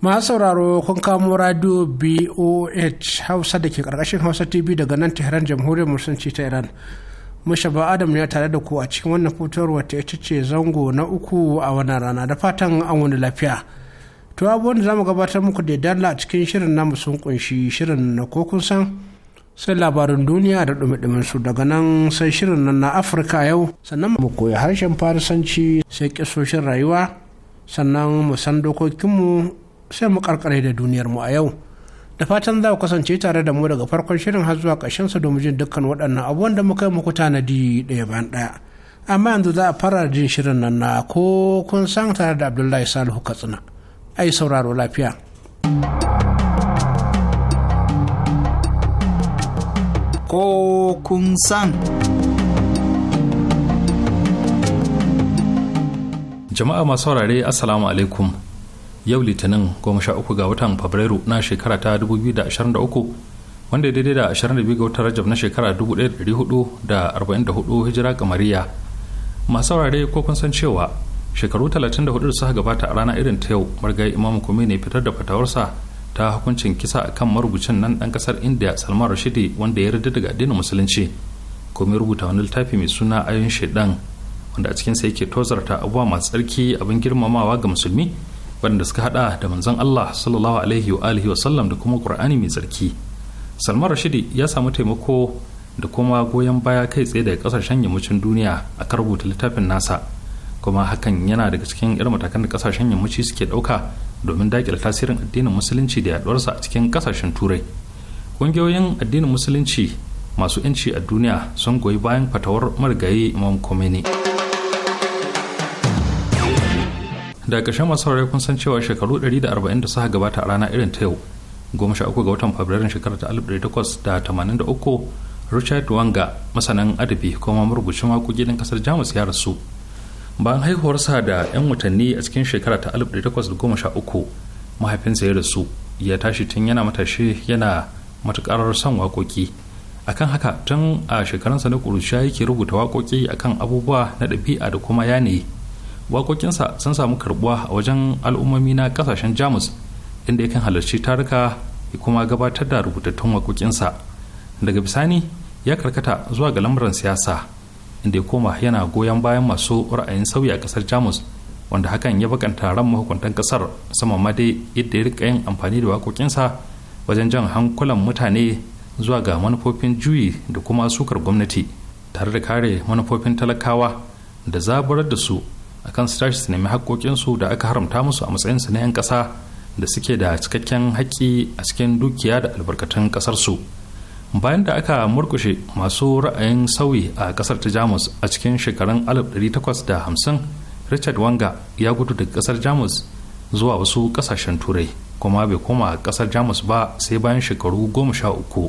masu sauraro kun kamo radio boh hausa da ke karkashin hausa tv daga nan tehran jamhuriyar musulunci ta iran ba adam ya tare da ku a cikin wannan fitowar wata ita ce zango na uku a wannan rana da fatan an wani lafiya to abubuwan da zamu gabatar muku da dalla a cikin shirin namu sun kunshi shirin na ko kun san sai labarin duniya da dumi su daga nan sai shirin nan na afirka yau sannan mu koyi harshen farisanci sai kisoshin rayuwa sannan mu san dokokinmu sai mu karkare da duniyar mu a yau da fatan za ku kasance tare da mu daga farkon shirin har zuwa sa domin jin dukkan waɗannan abubuwan da muka yi muku tanadi ɗaya bayan ɗaya amma yanzu za a fara jin shirin nan na ko kun san tare da abdullahi salihu katsina ai sauraro lafiya ko kun san jama'a masu saurare assalamu alaikum yau litinin 13 ga watan fabrairu na shekara ta 2023 wanda daidai da 22 ga watan rajab na shekara 1444 hijira kamariya masu saurare ko kun san cewa shekaru 34 da suka gabata a rana irin ta yau margai imamu kome ne fitar da fatawarsa ta hukuncin kisa a kan marubucin nan dan kasar india salman rashidi wanda ya yarda daga addinin musulunci kome rubuta wani littafi mai suna ayon shaidan wanda a cikinsa yake tozarta abubuwa masu tsarki abin girmamawa ga musulmi waɗanda suka hada da manzon Allah sallallahu alaihi wa alihi wasallam da kuma Qur'ani mai tsarki. Salman Rashidi ya samu taimako da kuma goyon baya kai tsaye daga kasashen yammacin duniya a kan rubuta littafin nasa kuma hakan yana daga cikin irin matakan da kasashen yammaci suke ɗauka domin daƙile tasirin addinin musulunci da yaduwarsa a cikin kasashen turai ƙungiyoyin addinin musulunci masu 'yanci a duniya sun goyi bayan fatawar marigayi imam khomeini da ƙarshen masu saurari kun san cewa shekaru 140 da suka gabata a rana irin ta yau goma sha uku ga watan fabrairun shekarar ta alif da da takwas tamanin uku richard wanga masanin adabi kuma marubucin waƙoƙi ƙasar jamus ya rasu bayan haihuwarsa da 'yan watanni a cikin shekara ta alif da takwas goma sha uku mahaifinsa ya rasu ya tashi tun yana matashi yana matuƙar son waƙoƙi akan haka tun a shekarunsa na ƙuruciya yake rubuta waƙoƙi akan abubuwa na ɗabi'a da kuma yanayi waƙoƙinsa sun samu karbuwa a wajen al'ummomi na ƙasashen jamus inda ya kan halarci taruka ya kuma gabatar da rubutattun waƙoƙinsa daga bisani ya karkata zuwa ga lamuran siyasa inda ya koma yana goyon bayan masu ra'ayin sauyi a ƙasar jamus wanda hakan ya bakanta ran mahukuntan ƙasar sama ma dai yadda ya rika yin amfani da waƙoƙinsa wajen jan hankulan mutane zuwa ga manufofin juyi da kuma sukar gwamnati tare da kare manufofin talakawa da zaburar da su akan su tashi su nemi haƙoƙinsu da aka haramta musu a matsayinsu na 'yan ƙasa da suke da cikakken haƙƙi a cikin dukiya da albarkatun ƙasarsu bayan da aka murkushe masu ra'ayin sauyi a ƙasar ta jamus a cikin shekarun 1850 richard wanga ya gudu daga ƙasar jamus zuwa wasu ƙasashen turai kuma bai koma ƙasar jamus ba sai bayan shekaru goma sha uku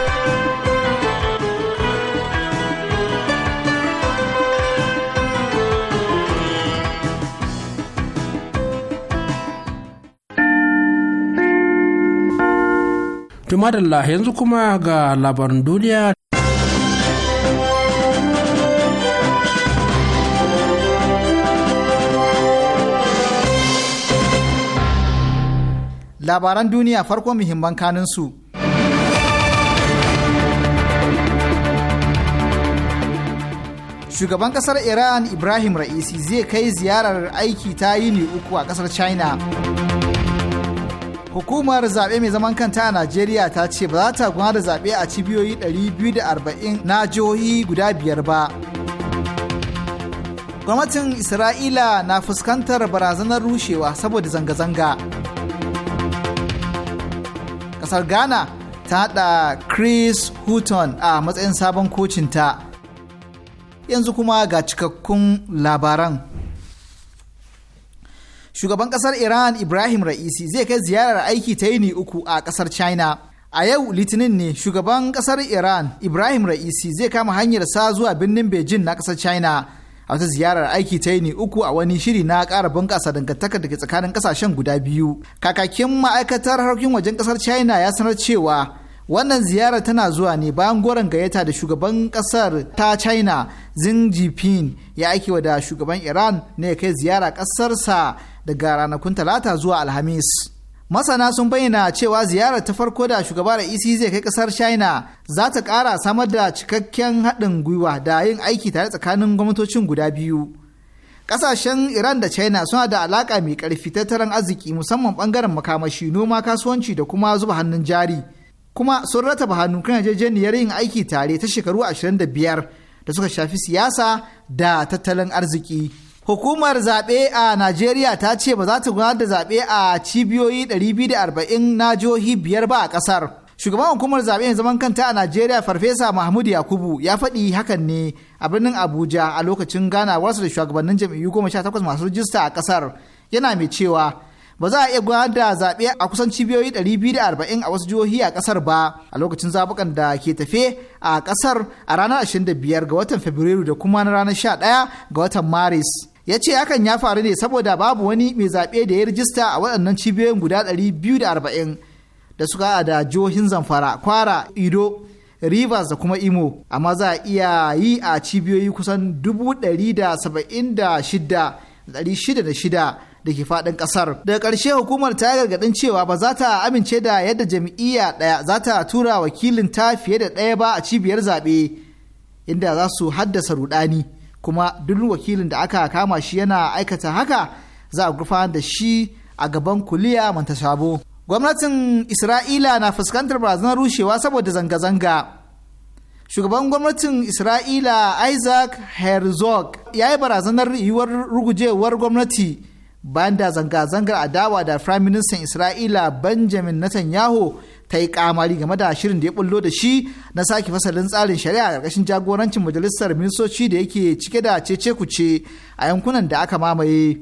Tumadalla yanzu kuma ga labarin duniya. Labaran duniya farko muhimman kaninsu. Shugaban kasar Iran Ibrahim Ra'isi zai kai ziyarar aiki ta yini uku a kasar China. Hukumar zaɓe mai zaman kanta a Najeriya ta ce ba za ta gudanar da zaɓe a cibiyoyi 240 na jihohi guda biyar ba. Gwamnatin Isra'ila na fuskantar barazanar rushewa saboda zanga-zanga. Ƙasar Ghana ta haɗa Chris Hutton a matsayin sabon kocinta. Yanzu kuma ga cikakkun labaran. shugaban kasar iran ibrahim ra'isi zai kai ziyarar aiki ta yini uku a kasar china a yau litinin ne shugaban kasar iran ibrahim ra'isi zai kama hanyar sa zuwa birnin beijing na kasar china a wata ziyarar aiki ta yini uku a wani shiri na kara bunƙasa dangantakar da tsakanin kasashen guda biyu kakakin ma'aikatar harkokin wajen kasar china ya sanar cewa wannan ziyarar tana zuwa ne bayan goron gayyata da shugaban kasar ta china xi jinping ya aikewa da shugaban iran ne kai ziyara ƙasarsa daga ranakun talata zuwa alhamis masana sun bayyana cewa ziyarar ta farko da shugaba da isi zai kai kasar china za ta kara samar da cikakken haɗin gwiwa da yin aiki tare tsakanin gwamnatocin guda biyu kasashen iran da china suna da alaka mai ƙarfi tattalin arziki musamman ɓangaren makamashi noma kasuwanci da kuma zuba hannun jari kuma sun ba hannu kan yarjejeniyar yin aiki tare ta shekaru 25 da suka shafi siyasa da tattalin arziki. Hukumar zaɓe a Najeriya ta ce ba za ta gudanar da zaɓe a cibiyoyi 240 na jihohi biyar ba a ƙasar. Shugaban hukumar zaɓe mai zaman kanta a Najeriya Farfesa Mahmud Yakubu ya faɗi hakan ne a birnin Abuja a lokacin ganawarsa da shugabannin jam'iyyu goma sha takwas masu rijista a ƙasar yana mai cewa ba za a iya gudanar da zaɓe a kusan cibiyoyi 240 a wasu jihohi a ƙasar ba a lokacin zaɓukan da ke tafe a ƙasar a ranar 25 ga watan Fabrairu da kuma na ranar 11 ga watan Maris. ya ce hakan ya faru ne saboda babu wani mai zaɓe da ya rijista a waɗannan cibiyoyin guda 240 da suka da jihohin zamfara kwara ido rivers da kuma imo amma za a iya yi a cibiyoyi kusan 176,600 da ke faɗin ƙasar daga ƙarshe hukumar ta gargaɗin cewa ba za ta amince da yadda jam'iyya ɗaya za ta tura wakilin ta fiye da ɗaya ba a cibiyar zaɓe inda za su haddasa rudani. kuma duk wakilin da aka kama shi yana aikata haka za a gurfanar da shi a gaban kuliya manta sabo gwamnatin isra'ila na fuskantar barazanar rushewa saboda zanga-zanga shugaban gwamnatin isra'ila isaac herzog ya yi barazanar yiwuwar rugujewar gwamnati bayan da zanga-zangar adawa da firaministan isra'ila benjamin netanyahu ta yi kamari game da shirin da ya bullo da shi na sake fasalin tsarin shari'a a ƙarƙashin jagorancin majalisar ministoci da yake cike da cece kuce a yankunan da aka mamaye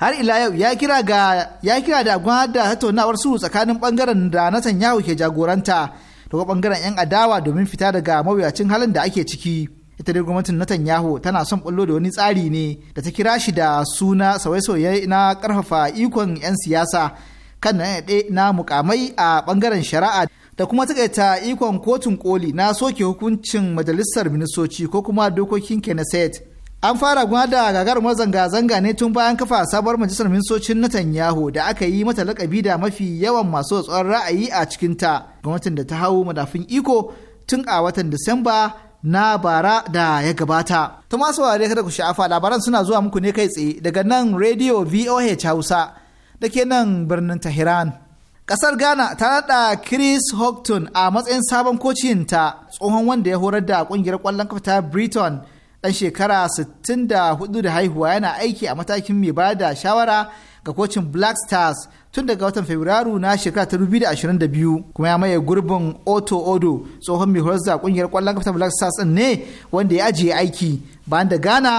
har ila yau ya kira ga ya kira da gwada tattaunawar su tsakanin bangaren da Netanyahu ke jagoranta da kuma bangaren yan adawa domin fita daga mawuyacin halin da ake ciki ita dai gwamnatin Netanyahu tana son bullo da wani tsari ne da ta kira shi da suna sauye-sauye na karfafa ikon 'yan siyasa kan naɗe na mukamai a ɓangaren shari'a da kuma takaita ikon kotun koli na soke hukuncin majalisar ministoci ko kuma dokokin kenneset an fara da gagar zanga-zanga ne tun bayan kafa sabuwar majalisar ministocin Netanyahu da aka yi mata lakabi da mafi yawan masu tsoron ra'ayi a cikin ta gwamnatin da ta hau madafin iko tun a watan Disamba na bara da ya gabata. Ta masu wa kada ku sha'afa labaran suna zuwa muku ne kai tsaye daga nan Radio VOH Hausa da ke nan birnin tahiran. Kasar Ghana ta nada Chris Houghton a matsayin sabon kocin ta tsohon wanda ya horar da kungiyar kwallon kafa ta Britain dan shekara 64 da haihuwa yana aiki a matakin mai bada da shawara ga kocin Black Stars tun daga watan Fabrairu na shekara ta 2022 kuma ya maye gurbin Otto Odo tsohon mai horar da kungiyar kwallon kafa Black Stars ne wanda ya ajiye aiki bayan da Ghana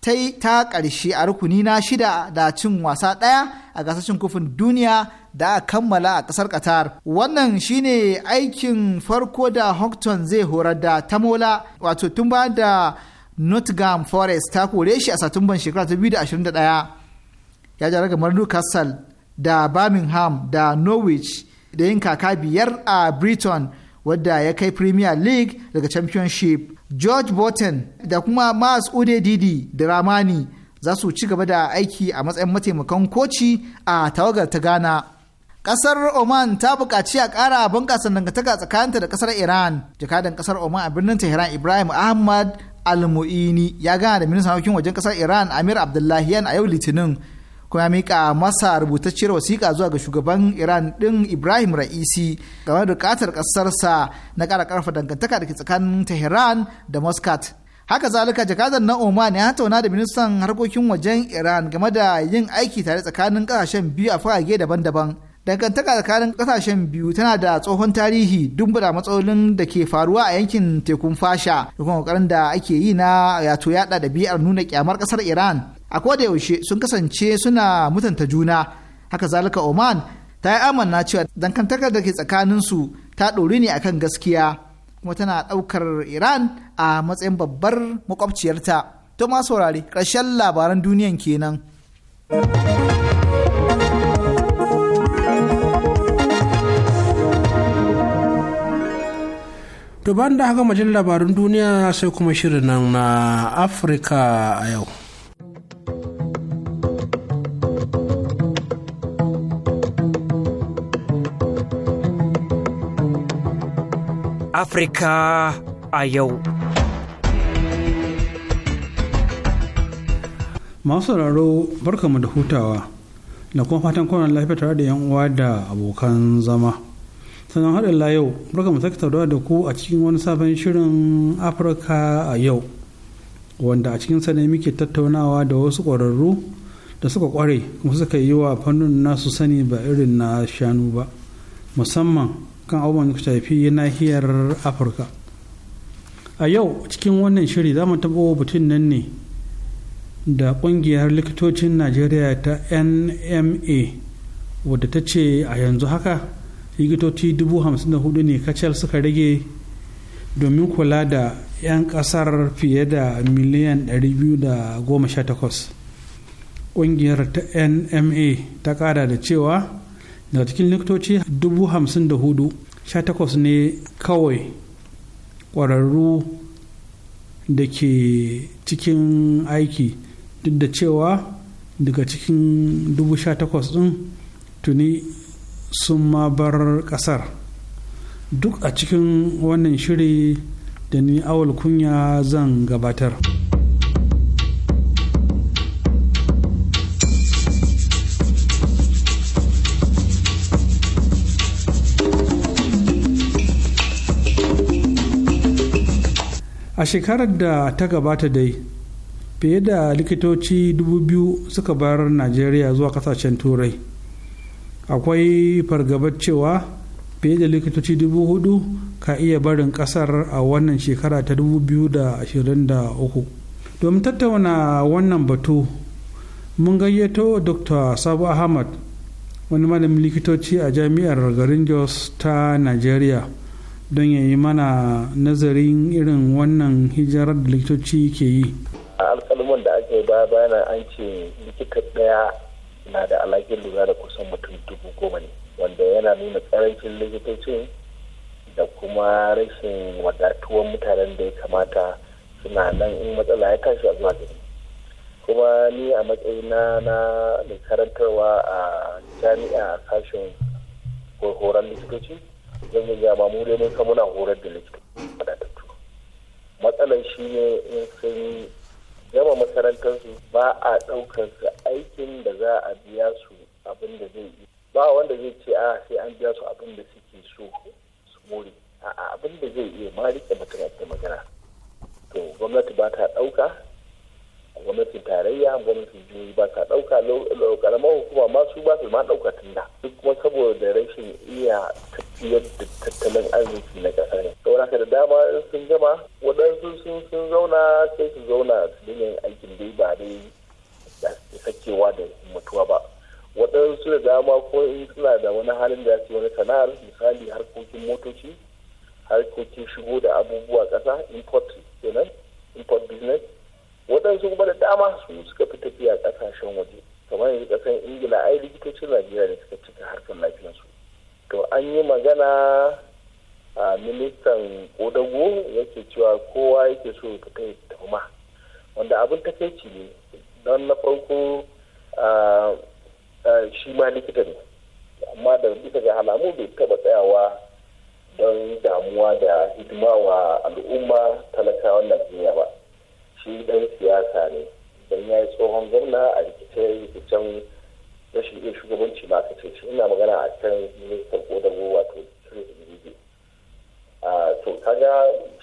ta yi ta ƙarshe a rukuni na shida da cin wasa ɗaya a gasashen kofin duniya da a kammala a ƙasar Qatar. Wannan shine aikin farko da Houghton zai horar da Tamola wato tun ba da Nottingham Forest ta kore shi a Satumban shekara 2021. Ya jara kamar Newcastle da Birmingham da Norwich da yin kaka biyar a Britain. wadda ya kai premier league daga championship george Burton da kuma mas ude didi da ramani za su ci gaba da aiki a matsayin mataimakon koci a tawagar ta ghana kasar oman ta buƙaci a ƙara bunƙasa dangantaka tsakaninta da kasar iran jakadan kasar oman a birnin tehran ibrahim ahmad almu'ini ya gana da ministan harkokin wajen kasar iran amir abdullahiyan a yau litinin kuma ya mika masa rubutacciyar wasiƙa zuwa ga shugaban iran din ibrahim ra'isi game da buƙatar ƙasarsa na ƙara ƙarfa dangantaka da ke tsakanin tehran da muscat haka zalika jakadar na oman ya tauna da ministan harkokin wajen iran game da yin aiki tare tsakanin ƙasashen biyu a fagage daban-daban dangantaka tsakanin ƙasashen biyu tana da tsohon tarihi dumbura matsalolin da ke faruwa a yankin tekun fasha da kuma ƙoƙarin da ake yi na yato yaɗa biyar nuna ƙyamar ƙasar iran a yaushe sun kasance suna mutunta juna haka zalika oman ta yi amanna cewa dankantakar da ke tsakaninsu ta ɗori ne akan gaskiya kuma tana ɗaukar iran a matsayin babbar makwabciyarta to ma saurari ƙarshen labaran duniyan kenan. To da haka majin labarun duniya sai kuma shirin nan na Afirka a yau. Afirka a yau. Masu sauraro barkamu da hutawa da kuma fatan kwanan lafiya tare da yan uwa da abokan zama. Sannan haɗin la yau barkamu sake saurawa da ku a cikin wani sabon shirin Afirka a yau. Wanda a cikin ne muke tattaunawa da wasu ƙwararru da suka ƙware kuma suka yi wa fannin nasu sani ba irin na shanu ba. Musamman kan abubuwan da shafi nahiyar afirka a yau cikin wannan shiri za mu taɓa batun nan ne da ƙungiyar likitocin najeriya ta nma wadda ta ce a yanzu haka likitoci hudu ne kacal suka rage domin kula da 'yan ƙasar fiye da miliyan da goma sha 218 ƙungiyar ta nma ta ƙara da cewa daga cikin likitoci dubu da hudu sha takwas ne kawai ƙwararru da ke cikin aiki duk da cewa daga cikin dubu ɗin tuni sun ma bar ƙasar duk a cikin wannan shiri da ni awal kunya zan gabatar. a shekarar da ta gabata dai fiye da likitoci 2000 suka bar najeriya zuwa kasashen turai akwai fargabar cewa fiye da likitoci 4000 ka iya barin kasar a wannan shekara ta 2023 domin tattauna wannan batu mun gayyato dr sabu ahmad wani malamin likitoci a jami'ar garin jos ta najeriya don ya yi mana nazarin irin wannan hijirar da likitoci ke yi a alkalman da ake ba bayanan an ce likita daya na da alhakin lura da kusan mutum dubu goma ne wanda yana nuna karancin likitocin da kuma rashin wadatuwan mutanen da ya kamata suna nan in matsala ya tashi a zuwa kuma ni a matsayina na mai karantarwa a jami'a a sashen horon likitoci zan yi muna horar da likita matsalar shi ne in sun gama makarantarsu ba a ɗaukar su aikin da za a biya su abin da zai yi ba wanda zai ce a ah, sai an biya su abin da suke so su more a abin da zai iya ma rike makarantar magana to gwamnati ba ta ɗauka gwamnatin tarayya gwamnatin jihohi ba ta ɗauka karamar hukuma ma su ba su ma ɗauka tunda duk kuma saboda rashin iya tafiyar da tattalin arziki na ƙasa ne saboda haka da dama sun gama waɗansu sun zauna sai su zauna su dinga aikin dai ba dai da sakewa da mutuwa ba waɗansu da dama ko in suna da wani halin da ya wani sana'ar misali harkokin motoci harkokin shigo da abubuwa ƙasa import kenan import business waɗansu kuma da dama su suka fi tafiya ƙasashen waje kamar yanzu ƙasar ingila ai likitocin najeriya ne suka cika harkar lafiyarsu to an yi magana a ministan kodago yake cewa kowa yake so ya fita tauma wanda abin takaici ne don na farko shi ma likita ne amma da bisa ga alamu bai taɓa tsayawa don damuwa da hidimawa wa al'umma talakawan najeriya ba shi dan siyasa ne don ya yi tsohon gwamna a rikice-rikicen rashin iya shugabanci ma aka ce ina magana a kan ministan kodago wato a to kaga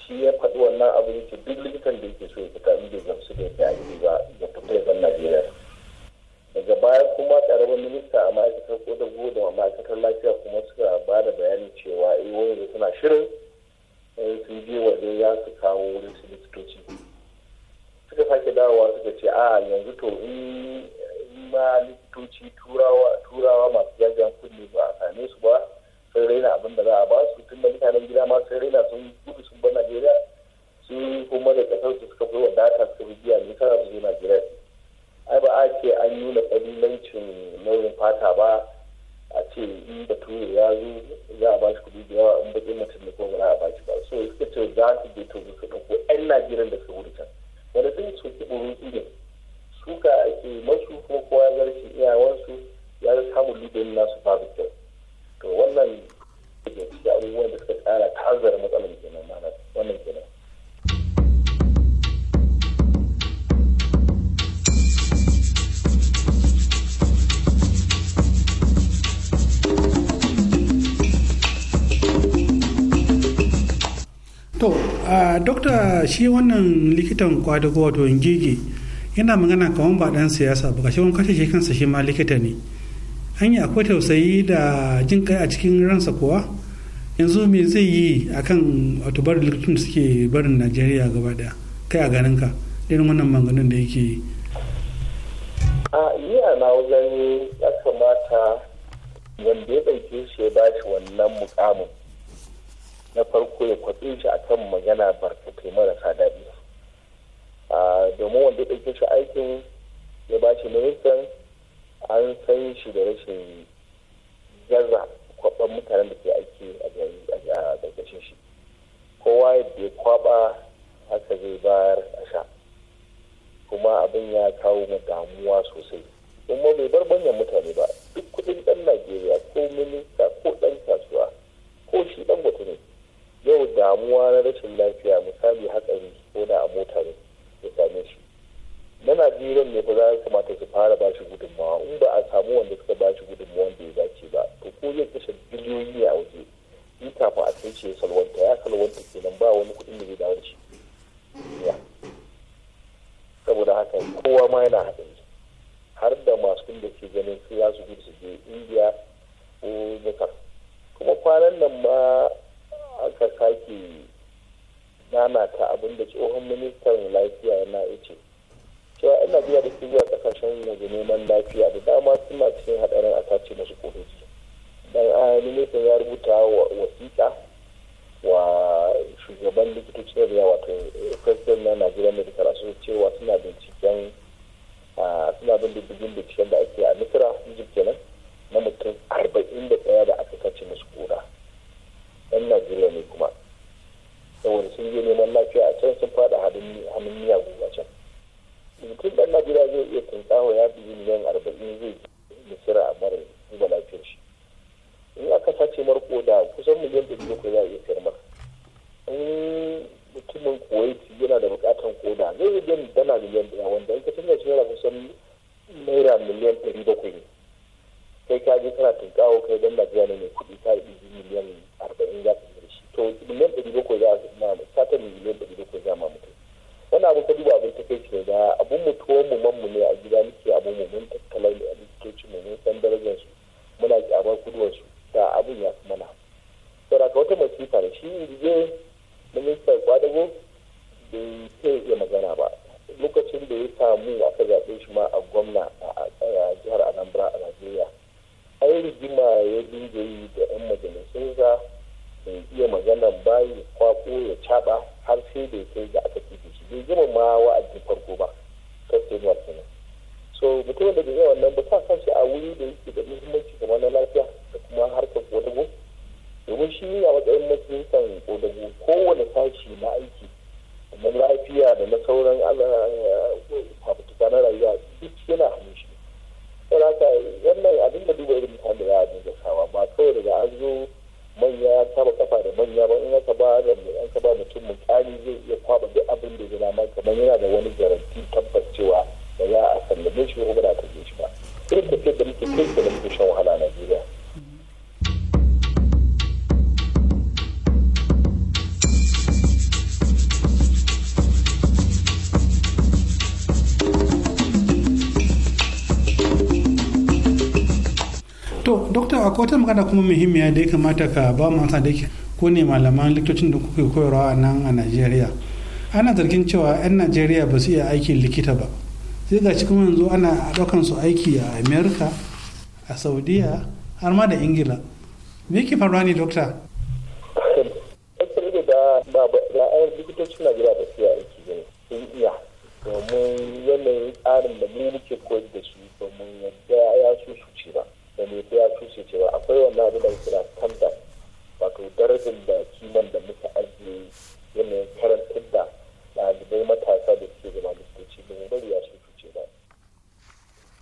shi ya faɗi wannan abu yake duk likitan da yake so ya fita inda gamsu da yadda ba ya fita ya najeriya daga baya kuma karamin minista a ma'aikatar kodago da ma'aikatar lafiya kuma suka ba da bayanin cewa eh, iwo yanzu suna shirin sun je waje ya su kawo wurin su likitoci suka sake dawowa suka ce a yanzu to in ma likitoci turawa masu jajen kunne ba a same su ba sun raina abin da za a ba su tun da mutanen gida ma sun raina sun gudu sun bar najeriya sun kuma da kasar su suka fi wadata suka fi biya ne tara su je najeriya ai ba a ce an nuna kabilancin nauyin fata ba a ce in bature ya zo za a ba shi kuɗi da yawa in baƙin mutum ne ko ba za a ba shi ba so suka ce za su je to su ɗauko 'yan najeriya da suka gudu can wanda duk su ki borin ido suka ake masu ko kowa ya zarce iyawansu ya ga samun lidin nasu babu kyau to wannan da abubuwan da suka tsara tazara matsalar kenan mana wannan kenan To, a dokta shi wannan likitan kwadago wato ngege yana magana kamar ba dan siyasa ba kashe wani kashe shi kansa shi ma likita ne an yi akwai tausayi da jin kai a cikin ransa kuwa yanzu me zai yi akan wato bar likitun suke barin najeriya gaba daya kai a ganin ka irin wannan maganin da yake yi a iya na wajen ya kamata wanda ya ɗauke shi ya bashi wannan mukamin na farko ya kwaɗe shi a kan magana barkatai marasa daɗi domin wanda ɗauke shi aikin ya ba shi ministan an san shi da rashin gaza kwaɓan mutanen da ke aiki a ƙarƙashin shi kowa yadda ya kwaɓa haka zai bayar a sha kuma abin ya kawo mu damuwa sosai kuma bai bar banyan mutane ba duk kuɗin ɗan najeriya ko minista ko ɗan kasuwa ko shi ɗan ne yau damuwa na rashin lafiya misali hakan ko da a mota ne ya same shi na najeriya ne fa za a kamata su fara ba shi gudunmawa in ba a samu wanda suka ba shi gudunmawa da ya dace ba to ko zai kashe biliyoyi a waje in kafin a kai shi ya salwanta ya salwanta kenan ba wani kuɗin da zai dawo da shi saboda haka kowa ma yana haɗin har da masu da ke ganin su za su gudu su je indiya ko zakar kuma kwanan nan ma aka sake nanata abin da tsohon ministan lafiya yana ice cewa ina biya da ke zuwa kasashen waje neman lafiya da dama suna cikin hadarin a sace masu kofofi dan a ministan ya rubuta wasiƙa wa shugaban likitocin najeriya wato president na najeriya medical association cewa suna binciken suna bin diddigin binciken da ake a misira egypt na mutum arba'in da ɗaya da aka kace masu kura jam'iyyoyi neman lafiya a can sun fada hannun to dokta a wata magana kuma muhimmiya da ya kamata ka ba mu da ko ne malaman likitocin da kuke koyarwa a nan a najeriya ana zargin cewa 'yan najeriya ba su iya aikin likita ba sai ga cikin yanzu ana ɗaukan su aiki a america a saudiya har ma da ingila me yake faruwa ne dokta ra'ayar likitocin aiki sun iya domin yanayin tsarin da mu muke koyar da su domin yadda gani ko ya tushe cewa akwai wannan abin da kira standard wato darajar da kiman da muka ajiye yanayin karantar da ɗalibai matasa da suke zama likitoci domin bari ya shi tushe ba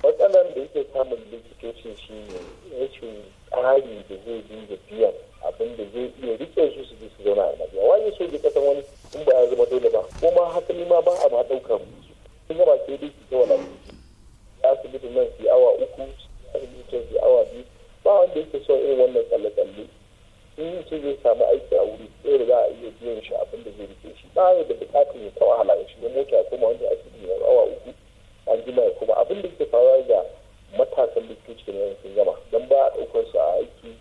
matsalar da yake samun likitoci shi ne rashin tsari da zai dinga biyan abin da zai iya riƙe su su su zauna a najeriya wani so kasan wani in ba ya zama dole ba ko ma hasali ma ba a ma ɗaukar musu sun gaba sai dai su ta wala asibitin nan su awa uku kan awa biyu ba wanda yake son irin wannan tsalle-tsalle in yi zai samu aiki a wuri sai da za a iya biyan shi abin da zai rike shi ba da bukatar ya ta wahala ya shiga mota ya koma wanda ake biyan awa uku an jima ya koma abin da ke faruwa ga matasan likitoci ne sun gama don ba a ɗaukar su a aiki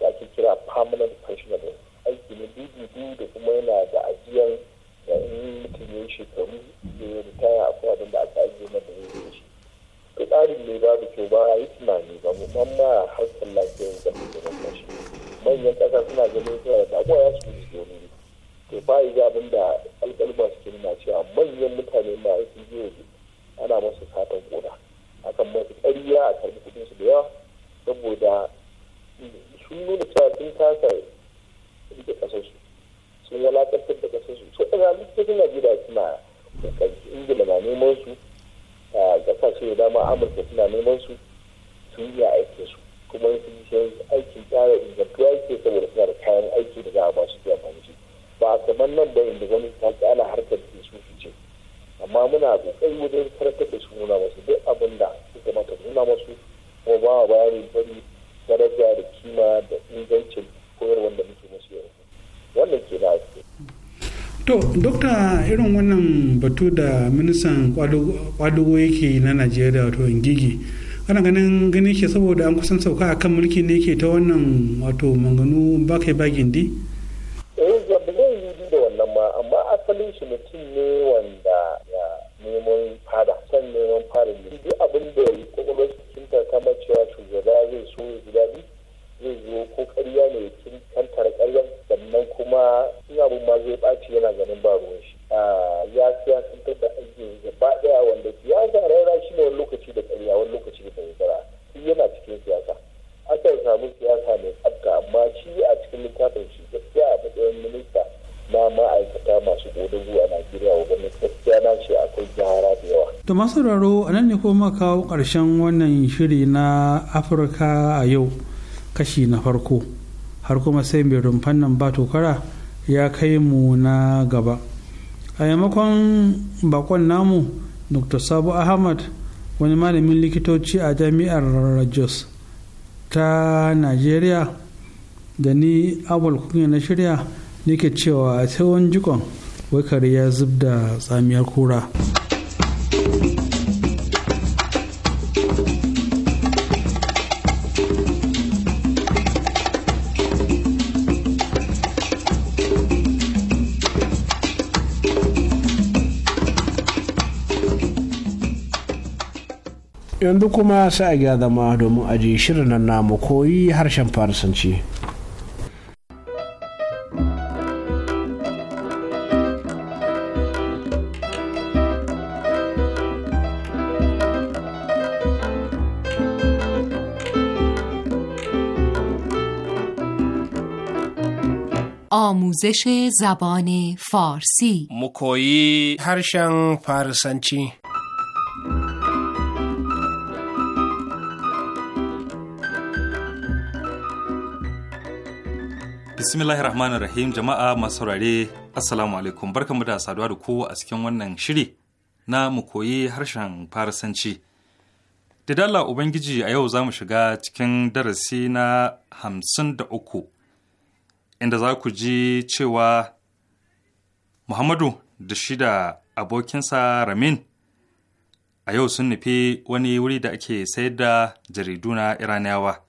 da ake kira permanent pensioner aiki na dudu da kuma yana da ajiyar da in mutum ya yi shekaru da ya ritaya akwai abin da aka ajiye na da ya shi tsarin ne babu kyau ba a yi tunani ba musamman ma harkar lafiyar ƙasa da ƙasashe manyan ƙasa suna ganin suna da abuwa ya su ne domin to ba yi abin da alƙalma suke nuna cewa manyan mutane ma a je waje ana masu satan ƙona akan masu ƙariya a kudin su da yawa saboda sun nuna cewa sun kasa rike su sun walakantar da kasar su ɗaga duk suna gida suna dama amurka suna neman su sun iya aikin su kuma sun yi aikin tsara ingantuwa yake saboda suna da kayan aiki da za a ba su da amfani su ba kamar nan ba inda wani ta tsana harkar da su su ce amma muna kokari wajen karkar da su nuna masu duk abin da ya kamata nuna masu kuma ba bayani bari daraja da kima da ingancin koyarwar da muke to dokta irin wannan batu da ministan kwadugo yake na najeriya wato ingigi kana ganin gani ke saboda an kusan sauka akan mulki ne ke ta wannan wato manganu ba kai ba gindi eh, da wannan ma amma asalin shi mutum ne wanda ya neman fada san neman fada ne duk abin da ya yi kwakwalwar su sun cewa shugaba zai so ya ji daɗi zai zo ko ƙarya ne ya kantara ƙaryar sannan kuma shi abun ma zai ɓaci yana ganin ba ruwan shi ya siyasantar da ake gaba ɗaya wanda siyasa raira shi ne wani lokaci da karya wani lokaci da shi yana cikin siyasa aka samu siyasa mai tsabta amma shi a cikin littafin shi gaskiya a matsayin minista na ma'aikata masu godagu a najeriya wa gwamnati gaskiya na ce akwai gyara da yawa. to masu sauraro a nan ne kuma kawo ƙarshen wannan shiri na afirka a yau kashi na farko har kuma sai mai rumfan nan ba tokara ya kai mu na gaba a yamakon bakon namu dr sabu ahmad wani malamin likitoci a jami'ar jos ta nigeria da ni abul kunya na shirya nake cewa sai wani jikon wakari ya zub da tsamiyar kura. yanzu kuma sai a zama domin aje shirin nan namu koyi harshen farisanci. آموزش زبان فارسی مکویی هرشن فارسنچی Bismillahirrahmanirrahim jama'a masu saurare Assalamu alaikum barkamu da saduwa da kowa a cikin wannan shiri na mu koyi harshen Farisanci. Da dala Ubangiji a yau za mu shiga cikin darasi na hamsin da uku inda za ku ji cewa Muhammadu da shi da abokinsa Ramin a yau sun nufi wani wuri da ake sayar da jaridu na Iraniyawa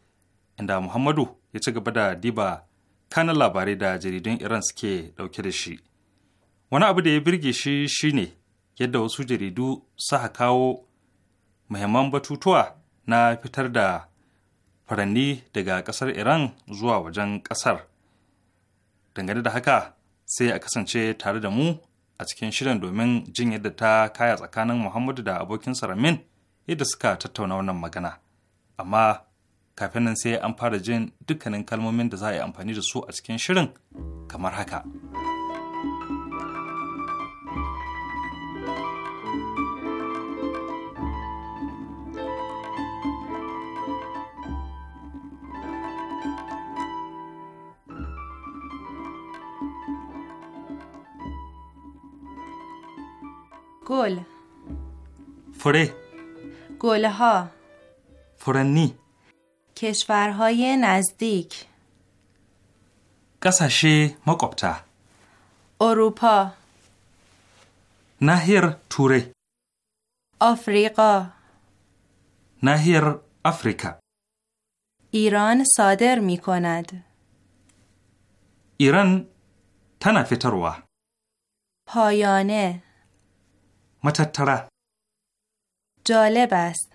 inda Muhammadu ya ci gaba da diba kanan labarai da jaridun Iran suke ɗauke da shi. Wani abu da ya birge shi shine yadda wasu jaridu suka kawo muhimman batutuwa na fitar da furanni daga ƙasar Iran zuwa wajen ƙasar. Dangane da haka sai a kasance tare da mu a cikin shirin domin jin yadda ta kaya tsakanin Muhammadu da abokinsa Ramin yadda suka tattauna wannan magana. Amma kafin nan sai an fara jin dukkanin kalmomin da za a yi amfani da su a cikin shirin kamar haka. گل فره گله فرنی کشورهای نزدیک قسشه مقبتا اروپا نهر توره آفریقا نهر آفریقا ایران صادر می کند ایران تنفتروا پایانه متتره جالب است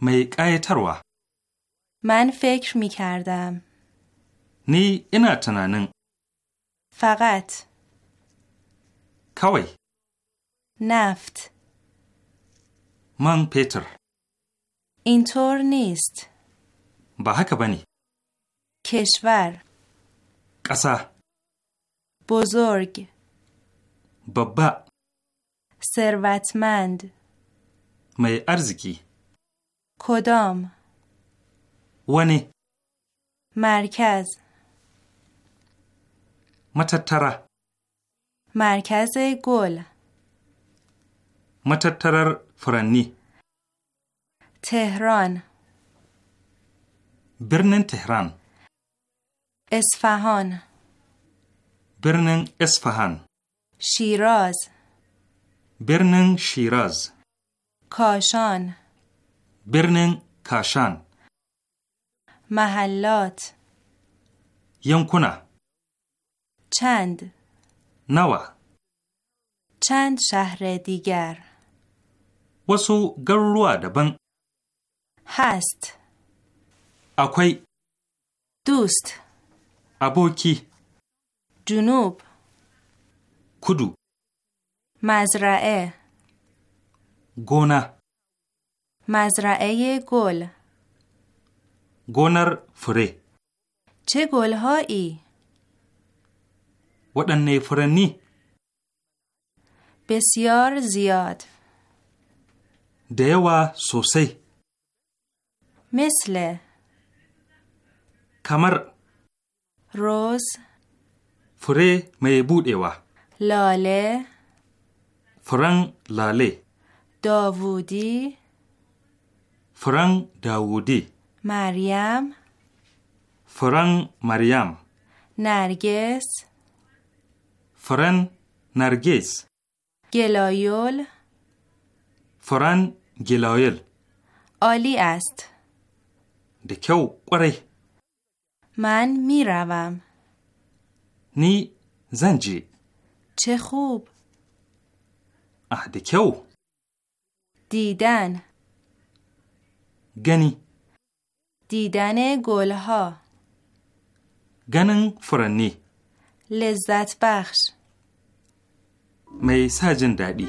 می تروه من فکر می کردم نی اینا تنانن فقط کوی نفت من پیتر اینطور نیست با هکا بنی کشور قصه بزرگ بابا ثروتمند می ارزکی کدام ونه مرکز متتره مرکز گل متترر فرنی تهران برنن تهران اصفهان برنن اصفهان شیراز برنن شیراز کاشان برنن کاشان محلات یانکونا چند نوا چند شهر دیگر وسو گرروا دبن هست اکوی دوست ابوکی جنوب کدو مزرعه گونه مزرعه گل gonar fure چه گلهایی؟ waɗanne furanni? بسیار زیاد da yawa sosai misle kamar rose fure mai buɗewa lale Furan lale dawudi Furan dawudi مریم فرن مریم نرگس فرن نرگس گلایول فرن گلایل عالی است دکو قره من میروم نی زنجی چه خوب دکو دیدن گنی دیدن گلها گنن فرنی لذت بخش می ساجن دادی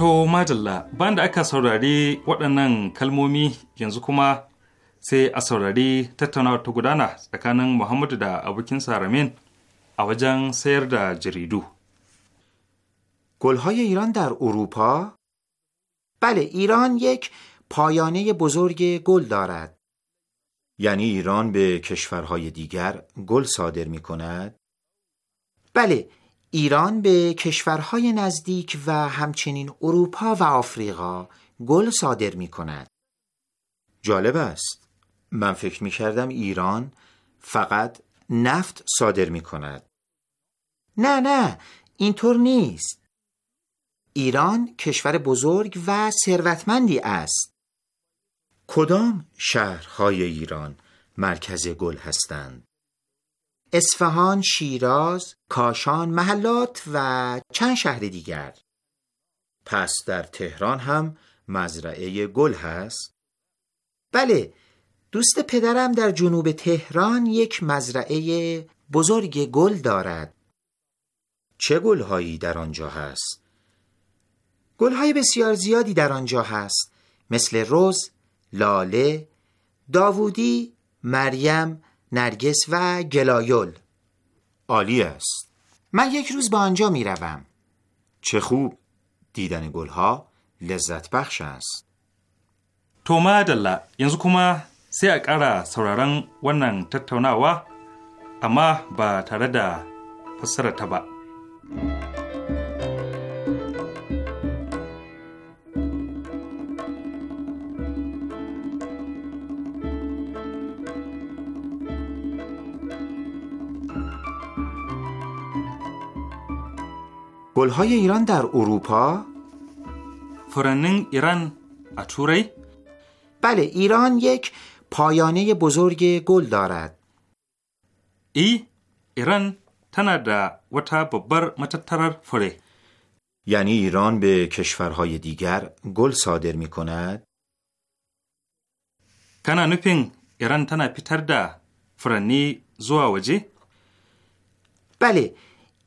To madalla, banda aka saurari waɗannan kalmomi yanzu kuma sai a saurari tattaunawar ta gudana tsakanin Muhammadu da abokinsa سیر a wajen sayar da گلهای ایران در اروپا؟ بله ایران یک پایانه بزرگ گل دارد. یعنی ایران به کشورهای دیگر گل صادر می کند؟ بله ایران به کشورهای نزدیک و همچنین اروپا و آفریقا گل صادر می کند. جالب است. من فکر می کردم ایران فقط نفت صادر می کند نه نه اینطور نیست ایران کشور بزرگ و ثروتمندی است کدام شهرهای ایران مرکز گل هستند اصفهان، شیراز، کاشان، محلات و چند شهر دیگر پس در تهران هم مزرعه گل هست؟ بله دوست پدرم در جنوب تهران یک مزرعه بزرگ گل دارد چه گلهایی در آنجا هست؟ گلهای بسیار زیادی در آنجا هست مثل روز، لاله، داوودی، مریم، نرگس و گلایول عالی است من یک روز به آنجا می روم چه خوب دیدن گلها لذت بخش است تو madalla ینزو کمه؟ sai a ƙara sauraron wannan tattaunawa amma ba tare da fassara ta ba. گلهای ایران در اروپا؟ Iran ایران اتوری؟ بله ایران یک پایانه بزرگ گل دارد. ای ایران تندا و تا ببر متترر فره یعنی ایران به کشورهای دیگر گل صادر می کند؟ کنا نپین ایران تنا پیتر دا فرنی زوا وجه؟ بله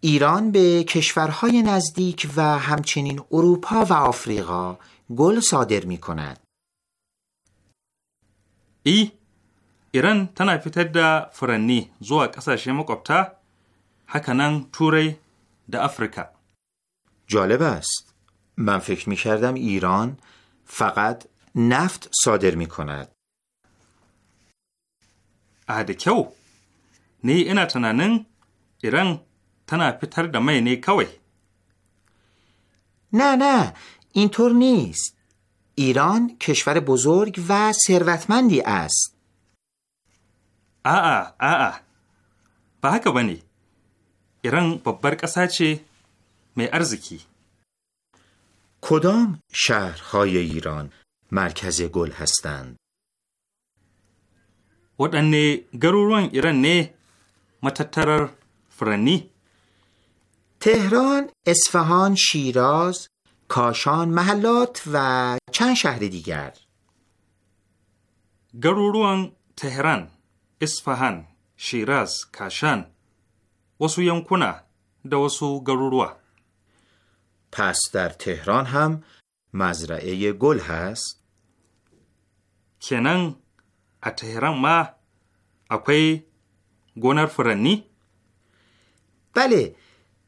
ایران به کشورهای نزدیک و همچنین اروپا و آفریقا گل صادر می کند. ای ایران تنا fitar فرنی furanni zuwa ƙasashe makwabta hakanan turai در afirka جالب است من فکر می کردم ایران فقط نفت صادر می کند که کیو نی اینا تنانن ایران تنها پیتر دا نه نه اینطور نیست ایران کشور بزرگ و ثروتمندی است. آه، آآ با ایران با ƙasa چه می ارزکی. کدام شهرهای ایران مرکز گل هستند؟ ودنه گروروان ایران نه متترر فرنی تهران، اصفهان، شیراز، کاشان محلات و چند شهر دیگر گروروان تهران اصفهان شیراز کاشان وسو یانکونا ده وسو پس در تهران هم مزرعه گل هست؟ کنن ا تهران ما اکوی گونر فرنی؟ بله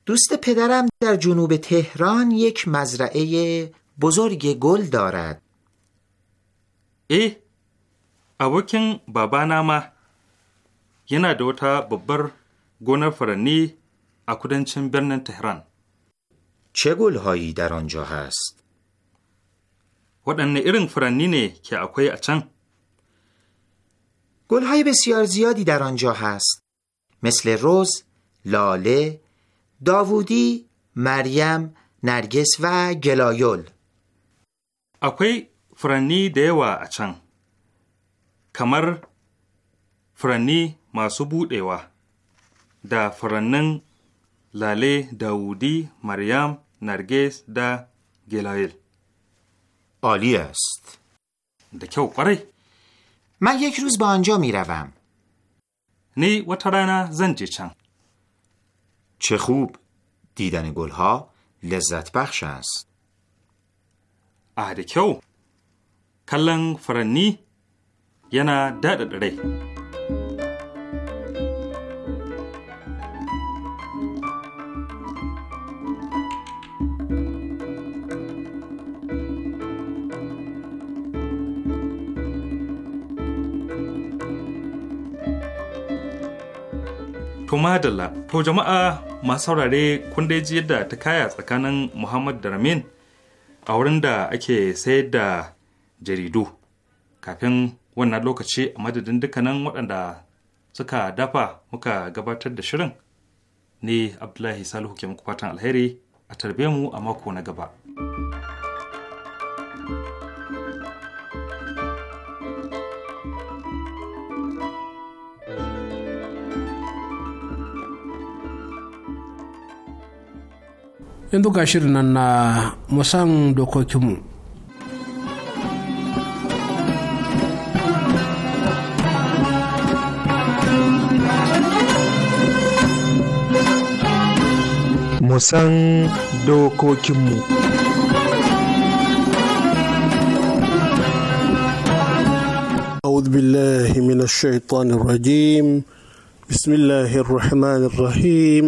دوست پدرم در جنوب تهران یک مزرعه بزرگ گل دارد ای اوکن بابا نما ینا دوتا ببر گونه فرنی چن برن تهران چه گل هایی در آنجا هست؟ ودن ایران فرنی نه که اکوی اچن گل های بسیار زیادی در آنجا هست مثل روز، لاله، داوودی مریم نرگس و گلایول اکوی فرنی دیوا اچن کمر فرنی ماسو بودیوا دا فرنن لاله داوودی مریم نرگس دا گلایل عالی است دکه قره من یک روز به آنجا می روم نی و ترانا زنجی چند چه خوب دیدن گلها لذت بخش است اهدکو کلنگ فرنی ینا داد kuma madalla, to jama'a masu saurare kun dai ji yadda ta kaya tsakanin Muhammad da Ramin a wurin da ake sayar da jaridu. Kafin wannan lokaci a madadin dukkanin waɗanda suka dafa muka gabatar da shirin ne Abdullahi Salihu ke muku fatan alheri a tarbe mu a mako na gaba. yanzu ga shirin nan na musan dokokinmu musan dokokinmu أعوذ بالله من الشيطان الرجيم بسم الله الرحمن الرحيم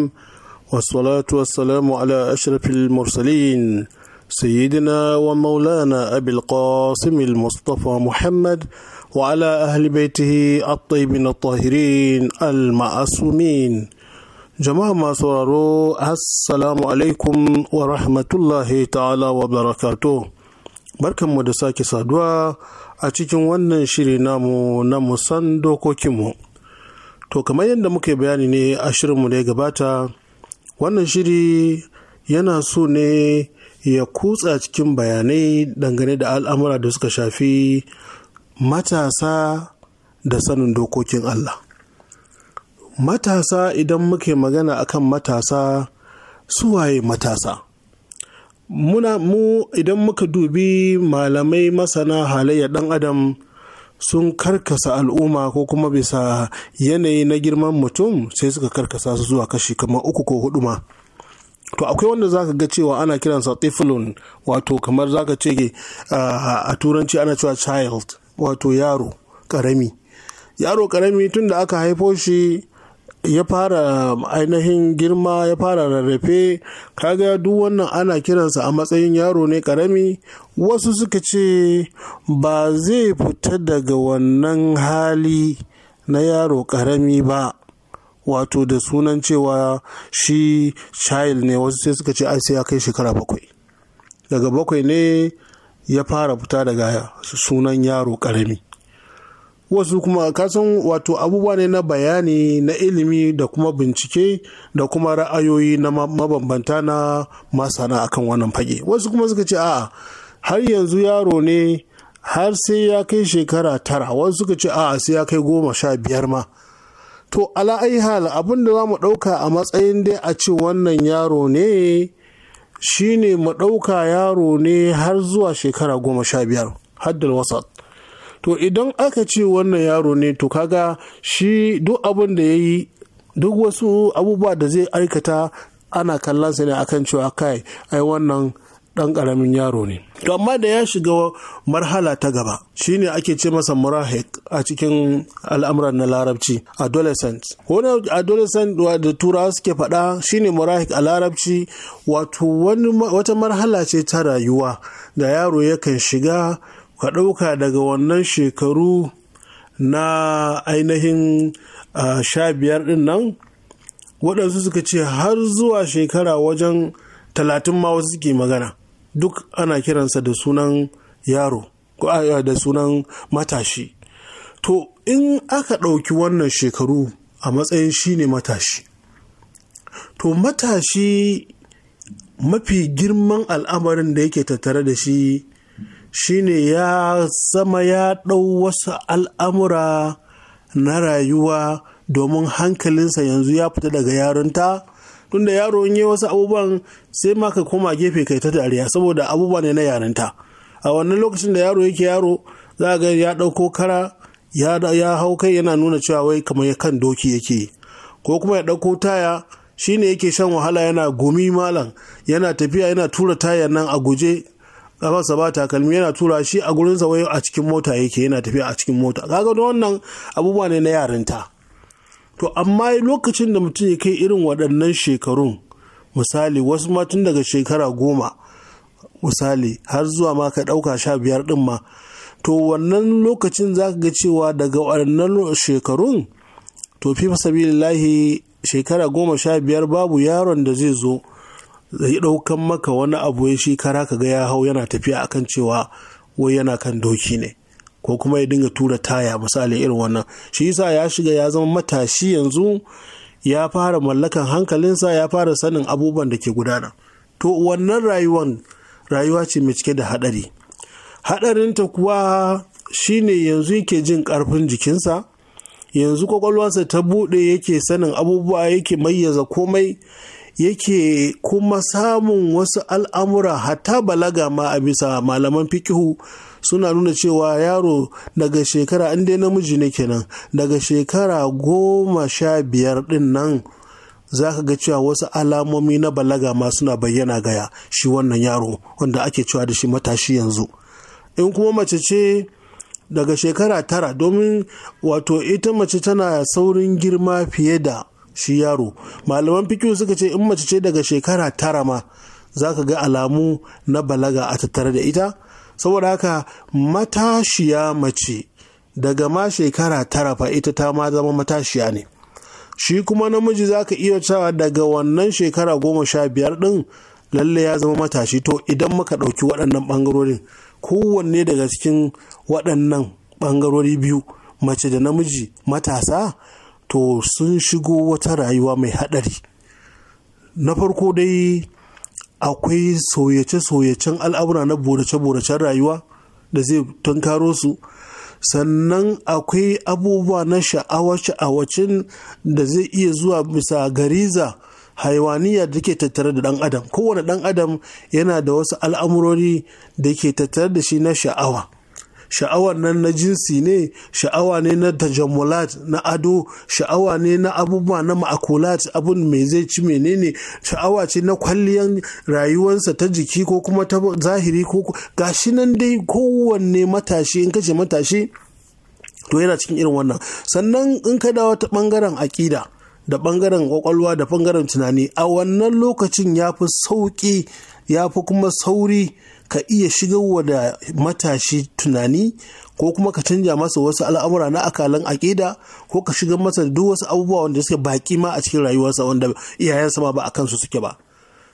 والصلاة والسلام على أشرف المرسلين سيدنا ومولانا أبي القاسم المصطفى محمد وعلى أهل بيته الطيبين الطاهرين المعصومين jama'a masu sauraro assalamu alaikum wa rahmatullahi ta'ala wa barakato mu da sake saduwa a cikin wannan shiri namu na musan dokokinmu to kamar yadda muka bayani ne a shirin mu da ya gabata wannan shiri yana so ne ya kutsa cikin bayanai dangane da al'amura da suka shafi matasa da sanin dokokin Allah. Matasa idan muke magana akan matasa suwaye matasa. Muna mu idan muka dubi malamai masana halayya ɗan adam sun karkasa al'umma ko kuma bisa yanayi na girman mutum sai suka karkasa su zuwa kashi kamar uku ko hudu ma to akwai wanda zaka ga cewa ana kiransa tiflun wato kamar zaka ce a turanci ana cewa child wato yaro karami yaro karami tun da aka haifo shi ya fara ainihin girma ya fara rarrafe kaga duk wannan ana kiransa a matsayin yaro ne karami wasu suka ce ba zai fita daga wannan hali na yaro karami ba wato da sunan cewa shi child ne wasu sai suka ce ai sai ya kai shekara bakwai daga bakwai ne ya fara fita daga sunan yaro karami wasu kuma kasan wato abubuwa ne na bayani na ilimi da kuma bincike da kuma ra'ayoyi na mabambanta na masana akan wannan fage wasu kuma suka ce a har yanzu yaro ne har sai ya kai shekara tara wasu suka ce a sai ya kai goma sha biyar ma to ala hal abin da za mu ɗauka a matsayin dai a ce wannan yaro ne shine mu ɗauka yaro ne har zuwa shekara goma sha biyar haddal wasat to idan aka ce wannan yaro ne to kaga shi duk abin da ya yi duk wasu abubuwa da zai aikata ana kallon sa ne akan cewa kai ai wannan dan karamin yaro ne to amma da ya shiga marhala ta gaba shine ake ce masa murahik a cikin al'amuran na larabci adolescent wani adolescent da turawa suke faɗa shine murahik a larabci wato wata marhala ce ta rayuwa da yaro yakan shiga ka ɗauka daga wannan shekaru na ainihin sha biyar ɗin nan waɗansu suka ce har zuwa shekara wajen talatin ma wasu suke magana duk ana kiransa da sunan yaro da sunan matashi to in aka ɗauki wannan shekaru a matsayin shi ne matashi to matashi mafi girman al'amarin da yake tattare da shi shine ya zama ya ɗau wasu al'amura na rayuwa domin hankalinsa yanzu ya fita daga yarinta tunda yaro yi wasu abubuwan sai ma ka koma gefe kai ta dariya saboda abubuwa ne na yarinta a wannan lokacin da yaro yake yaro za ga ya ɗauko kara ya hau kai yana nuna cewa wai kamar kan doki yake ko kuma ya ɗauko taya shine yake shan wahala yana gumi malam yana tafiya yana tura taya nan a guje kafarsa ba takalmi yana tura shi a gurinsa wai a cikin mota yake yana tafiya a cikin mota kaga da wannan abubuwa ne na yarinta to amma lokacin da mutum ya kai irin waɗannan shekarun misali wasu ma tun daga shekara goma misali har zuwa ma ka ɗauka sha biyar ɗin ma to wannan lokacin za ka ga cewa daga waɗannan shekarun to fi sabilillahi shekara goma sha biyar babu yaron da zai zo zai ɗaukan maka wani abu ya shi kara ka ga ya hau yana tafiya akan cewa wai yana kan doki ne ko kuma ya dinga tura taya misali irin wannan shi yasa ya shiga ya zama matashi yanzu ya fara mallakan hankalinsa ya fara sanin abubuwan da ke gudana to wannan rayuwan rayuwa ce mai cike da haɗari haɗarinta kuwa shine yanzu yake jin ƙarfin jikinsa yanzu kwakwalwarsa ta buɗe yake sanin abubuwa yake mayyaza komai yake kuma samun wasu al'amura hatta balaga ma a bisa malaman fikihu suna nuna cewa yaro daga shekara inda dai namiji ne kenan daga shekara goma sha biyar din nan za ka ga cewa wasu alamomi na balaga ma suna bayyana gaya shi wannan yaro wanda ake cewa da shi matashi yanzu in kuma mace ce daga shekara tara domin wato ita mace tana saurin girma fiye da shi yaro malaman fikiyu suka ce in mace ce daga shekara tara ma za ka ga alamu na balaga a tattare da ita saboda haka matashiya mace daga ma shekara tara fa ita ta ma zama matashiya ne shi kuma namiji za ka iya cewa daga wannan shekara goma sha biyar ɗin lalle ya zama matashi to idan muka ɗauki waɗannan ɓangarorin kowanne daga cikin waɗannan ɓangarori biyu mace da namiji matasa to sun shigo wata rayuwa mai haɗari na farko dai akwai soyace-soyacen al'amura na borace-boracen rayuwa da zai tunkaro su sannan akwai abubuwa na sha'awace-awacin da zai iya zuwa bisa gariza haiwaniya da ke tattare da ɗan adam kowane ɗan adam yana da wasu al'amurori da ke tattare da shi na sha'awa sha'awar nan na jinsi ne sha'awa ne na tajammulat na ado sha'awa ne na abubuwa na ma'akulat abun mai zai ci menene sha'awa ce na kwalliyan rayuwarsa ta jiki ko kuma ta zahiri ko gashi nan dai kowanne matashi in kace matashi to yana cikin irin wannan sannan in ka dawo ta bangaren aƙida da bangaren kwakwalwa da bangaren tunani a wannan lokacin ya fi sauƙi ya fi kuma sauri ka iya wa da matashi tunani ko kuma ka canja masa wasu al'amura na akalan aƙida ko ka shiga masa duk wasu abubuwa wanda suke baƙi ma a cikin rayuwarsa wanda iyayensa sama ba a kansu suke ba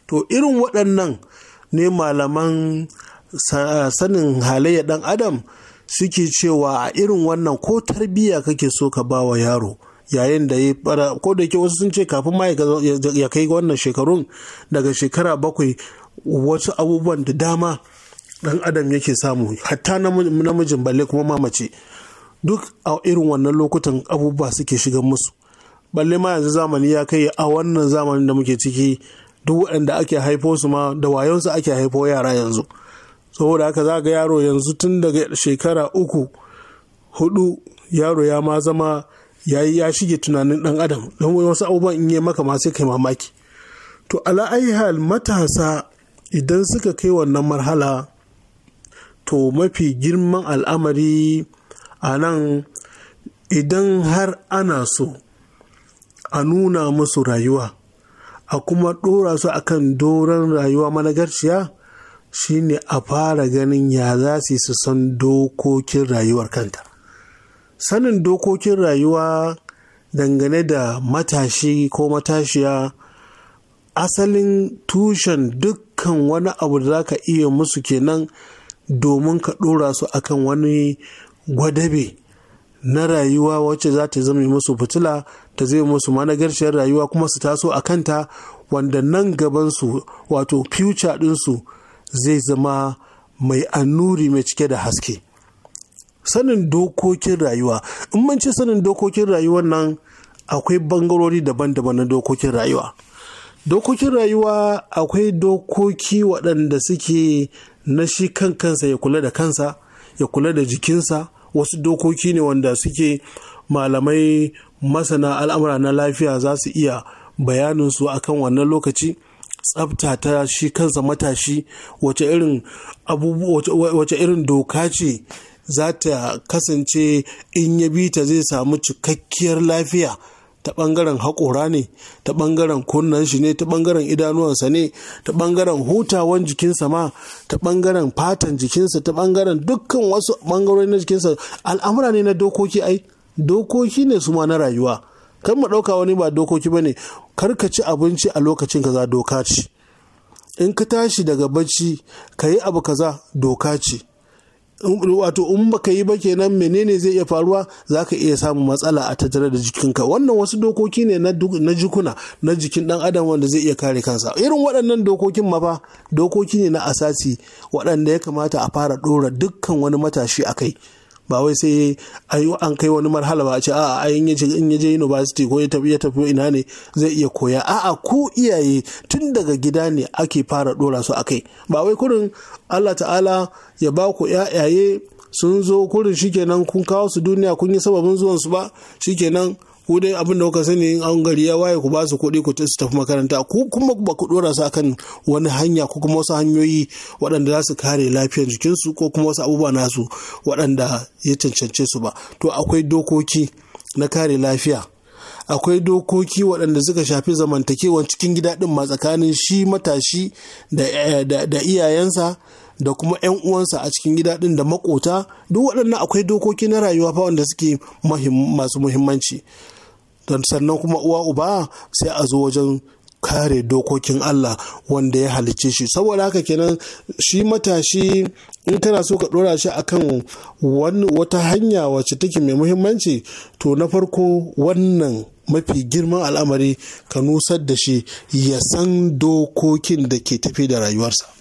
to irin waɗannan ne malaman sanin halayya ɗan adam suke cewa a irin wannan ko tarbiyya kake so ka ba wa yaro yayin da ya ko da yake wasu sun ce kafin ma ya kai wannan shekarun daga shekara bakwai wasu abubuwan da dama dan adam yake samu hatta namijin balle kuma mamace duk a irin wannan lokutan abubuwa suke shiga musu balle ma yanzu zamani ya kai a wannan zamanin da muke ciki duk waɗanda ake haifo su ma da wayonsu ake haifo yara yanzu saboda haka za ga yaro yanzu tun daga shekara uku hudu yaro ya ma zama ya yi ya shige tunanin dan adam don wasu abubuwan in yi maka ma sai kai mamaki to ala hal matasa idan suka kai wannan marhala to mafi girman al'amari a nan idan har ana so a nuna musu rayuwa a kuma ɗora su akan doron rayuwa managarciya shine a fara ganin ya za su su san dokokin rayuwar kanta sanin dokokin rayuwa dangane da matashi ko matashiya asalin tushen dukkan wani abu da za ka iya musu kenan domin ka ɗora su akan wani gwadabe na rayuwa wacce za ta zama musu fitila ta zai musu managarciyar rayuwa kuma su taso a kanta wanda nan gabansu wato future ɗinsu zai zama mai annuri mai cike da haske sanin dokokin rayuwa in mun sanin dokokin rayuwa nan akwai bangarori daban-daban na dokokin rayuwa dokokin rayuwa akwai dokoki waɗanda suke na shi kan kansa ya kula da kansa ya kula da jikinsa wasu dokoki ne wanda suke malamai masana al'amura na lafiya za su iya bayaninsu akan wannan lokaci tsabta ta shi kansa matashi wace irin wace irin doka ce za ta kasance in ya bi ta zai samu cikakkiyar lafiya ta ɓangaren haƙora ne ta ɓangaren kunnan shi ne ta ɓangaren idanuwansa ne ta bangaren hutawan jikinsa ma ta ɓangaren fatan jikinsa ta ɓangaren dukkan wasu ɓangarori na jikinsa al'amura ne na dokoki ai dokoki ne su ma na rayuwa kar mu ɗauka wani ba dokoki ba ne kar ka ci abinci a lokacin kaza doka ce in ka tashi daga bacci ka yi abu kaza doka ce wato in baka yi ba kenan menene zai iya faruwa za ka iya samun matsala a tattare da jikinka wannan wasu dokoki ne na jikuna na jikin dan adam wanda zai iya kare kansa irin waɗannan dokokin ma fa dokoki ne na asasi waɗanda ya kamata a fara ɗora dukkan wani matashi a kai ba wai sai an kai wani marhala ba a ce a in ya je university ko ya tafi ya tafi ina ne zai iya koya a'a ku iyaye tun daga gida ne ake fara dora su akai ba wai kurin Allah ta'ala ya ba ku yayaye sun zo kurin shikenan kun kawo su duniya kun yi sababin zuwan su ba shikenan ku dai abin da kuka sani in an gari ya waye ku ba su kuɗi ku su tafi makaranta ku kuma ba ku dora su akan wani hanya ko kuma wasu hanyoyi waɗanda za su kare lafiyar jikinsu ko kuma wasu abubuwa nasu waɗanda ya cancance su ba to akwai dokoki na kare lafiya akwai dokoki waɗanda suka shafi zamantakewar cikin gida ɗin ma tsakanin shi matashi da eh, iyayensa da kuma 'yan uwansa a cikin gida ɗin da makota duk waɗannan akwai dokoki na rayuwa fa wanda suke masu muhimmanci don sannan kuma uwa uba sai a zo wajen kare dokokin Allah wanda ya halicce shi saboda haka kenan shi matashi in kana so ka dora shi akan wata hanya wacce take mai muhimmanci to na farko wannan mafi girman al'amari ka nusar da shi ya san dokokin da ke tafi da rayuwarsa